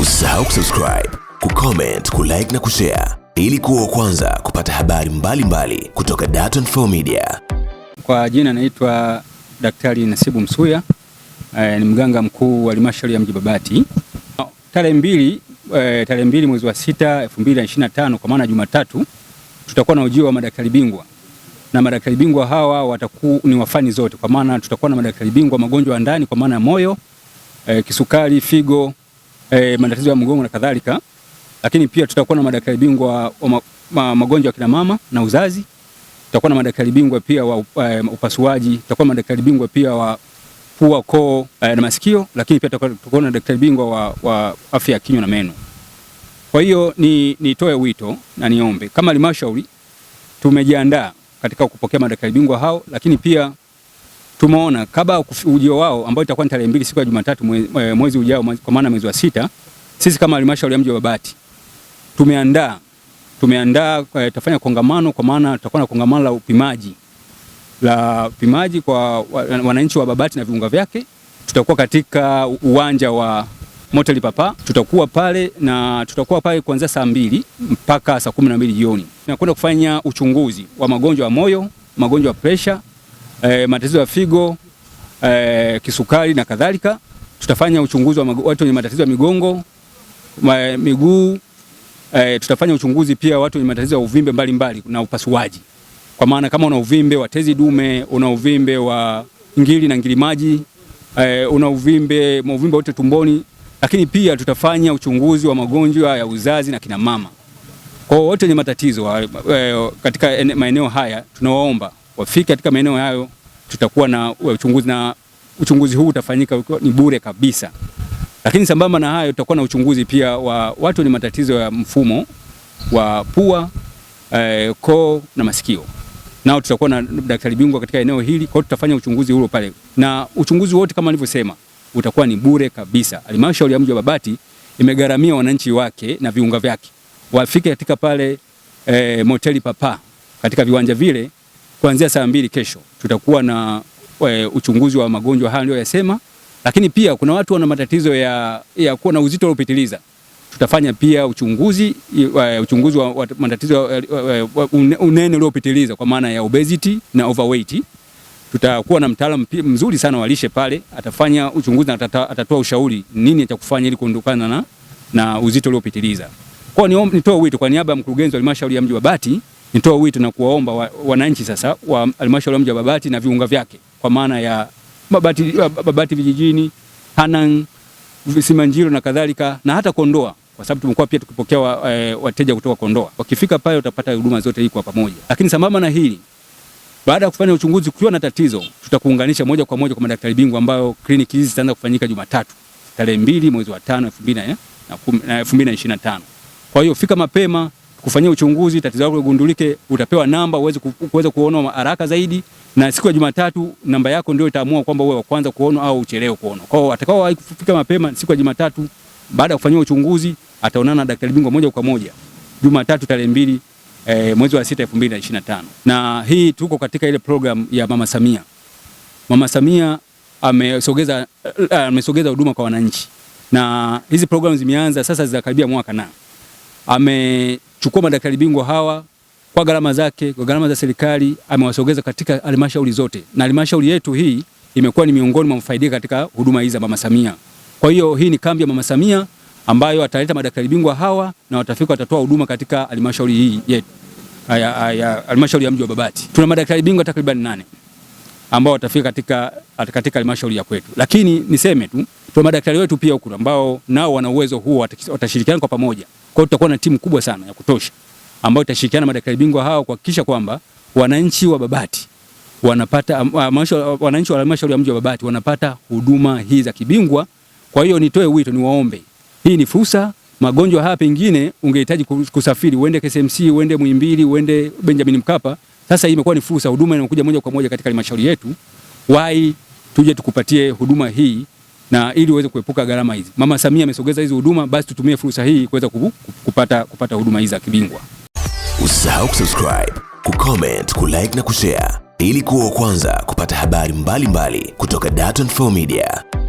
Usisahau kusubscribe, kucomment, kulike na kushare ili kuwa kwanza kupata habari mbalimbali mbali kutoka Dar24 Media. Kwa jina naitwa Daktari Nasibu Msuya, e, ni mganga mkuu wa halmashauri ya mji Babati. Tarehe mbili, e, tarehe mbili mwezi wa sita 2025 kwa maana Jumatatu tutakuwa na ujio wa madaktari bingwa na madaktari bingwa hawa watakuwa ni wafani zote, kwa maana tutakuwa na madaktari bingwa magonjwa ya ndani kwa maana ya moyo, e, kisukari, figo eh, matatizo ya mgongo na kadhalika, lakini pia tutakuwa na madaktari bingwa wa ma, magonjwa ya kina mama na uzazi, tutakuwa na madaktari bingwa pia wa eh, upasuaji, tutakuwa na madaktari bingwa pia wa pua, koo eh, na masikio, lakini pia tutakuwa na daktari bingwa wa, wa afya ya kinywa na meno. Kwa hiyo ni nitoe wito na niombe kama halmashauri tumejiandaa katika kupokea madaktari bingwa hao, lakini pia tumeona kabla ujio wao ambao itakuwa ni tarehe mbili siku ya Jumatatu mwezi ujao, kwa maana mwezi wa sita, sisi kama halmashauri ya mji wa Babati tumeandaa tumeandaa eh, tafanya kongamano, kwa maana tutakuwa na kongamano la upimaji la upimaji kwa wananchi wa Babati na viunga vyake. Tutakuwa katika uwanja wa Motel Papa, tutakuwa pale na tutakuwa pale kuanzia saa mbili mpaka saa kumi na mbili jioni. Tunakwenda kufanya uchunguzi wa magonjwa ya moyo, magonjwa ya presha e, matatizo ya figo e, kisukari na kadhalika. Tutafanya uchunguzi wa watu wenye matatizo ya migongo ma, miguu e, tutafanya uchunguzi pia watu wenye matatizo ya uvimbe mbalimbali mbali, na upasuaji kwa maana kama una uvimbe wa tezi dume, una uvimbe wa ngili na ngili maji e, una uvimbe mauvimbe wote tumboni, lakini pia tutafanya uchunguzi wa magonjwa ya uzazi na kinamama. Kwa wote wenye matatizo katika maeneo haya tunawaomba wafike katika maeneo hayo, tutakuwa na uchunguzi na uchunguzi huu utafanyika ni bure kabisa. Lakini sambamba na hayo, tutakuwa na uchunguzi pia wa watu wenye matatizo ya mfumo wa pua, eh, koo na masikio nao tutakuwa na daktari bingwa katika eneo hili. Kwa hiyo tutafanya uchunguzi huo pale, na uchunguzi wote kama nilivyosema utakuwa ni bure kabisa. Halmashauri ya mji wa Babati imegharamia wananchi wake na viunga vyake, wafike katika pale eh, moteli Papa katika viwanja vile kuanzia saa mbili kesho tutakuwa na we, eh, uchunguzi wa magonjwa haya yasema lakini pia kuna watu wana matatizo ya, ya kuwa na uzito uliopitiliza. Tutafanya pia uchunguzi e, uchunguzi wa, matatizo eh, unene uliopitiliza kwa maana ya obesity na overweight. Tutakuwa na mtaalamu mzuri sana wa lishe pale, atafanya uchunguzi na atatoa ushauri nini cha kufanya ili kuondokana na, na uzito uliopitiliza. Kwa nitoe wito kwa niaba ya mkurugenzi wa halmashauri ya mji wa Bati nitoa wito na kuwaomba wananchi wa sasa wa halmashauri ya mji wa Babati na viunga vyake kwa maana ya Babati, Babati vijijini, Hanang, Simanjiro na kadhalika na hata Kondoa kwa sababu tumekuwa pia tukipokea wa, e, wateja kutoka Kondoa. Wakifika pale utapata huduma zote hii kwa pamoja. Lakini sambamba na hili, baada ya kufanya uchunguzi, ukiwa na tatizo, tutakuunganisha moja kwa moja kwa madaktari bingwa, ambao kliniki hizi zitaanza kufanyika Jumatatu tarehe mbili mwezi wa tano elfu mbili na eh, ishirini na tano. Kwa hiyo fika mapema kufanyia uchunguzi tatizo lako ligundulike, utapewa namba uweze kuweza kuona haraka zaidi, na siku ya Jumatatu namba yako ndio itaamua kwamba uwe wa kwanza kuona au uchelewe kuona. Kwa hiyo atakao kufika mapema siku ya Jumatatu baada ya kufanyia uchunguzi ataonana na daktari bingwa moja kwa moja Jumatatu tarehe mbili e, mwezi wa sita elfu mbili na ishirini na tano. Na hii tuko katika ile program ya Mama Samia. Mama Samia amesogeza eh, amesogeza huduma kwa wananchi, na hizi programu zimeanza sasa zinakaribia mwaka na ame chukua madaktari bingwa hawa kwa gharama zake, kwa gharama za serikali amewasogeza katika halmashauri zote, na halmashauri yetu hii imekuwa ni miongoni mwa mfaidika katika huduma hizi za Mama Samia. Kwa hiyo hii ni kambi ya Mama Samia ambayo ataleta madaktari bingwa hawa na watafika watatoa huduma katika halmashauri hii yetu, ah, ah, halmashauri ya mji wa Babati. Tuna madaktari bingwa takriban nane ambao watafika katika katika halmashauri ya kwetu, lakini niseme tu Tuna madaktari wetu pia huku ambao nao wana uwezo huo, watashirikiana kwa pamoja. Kwa hiyo tutakuwa na timu kubwa sana ya kutosha ambayo itashirikiana madaktari bingwa hao kuhakikisha kwamba wananchi wa Babati wanapata wananchi wa halmashauri ya mji wa Babati wanapata huduma hii za kibingwa. Kwa hiyo nitoe wito, niwaombe, hii ni fursa. Magonjwa haya pengine ungehitaji kusafiri uende KCMC, uende Muhimbili, uende Benjamin Mkapa. Sasa hii imekuwa ni fursa, huduma inakuja moja kwa moja katika halmashauri yetu. Wai tuje tukupatie huduma hii na ili uweze kuepuka gharama hizi. Mama Samia amesogeza hizi huduma, basi tutumie fursa hii kuweza kupata kupata huduma hizi za kibingwa. Usisahau kusubscribe, kucomment, kulike na kushare ili kuwa wa kwanza kupata habari mbalimbali mbali kutoka Dar24 Media.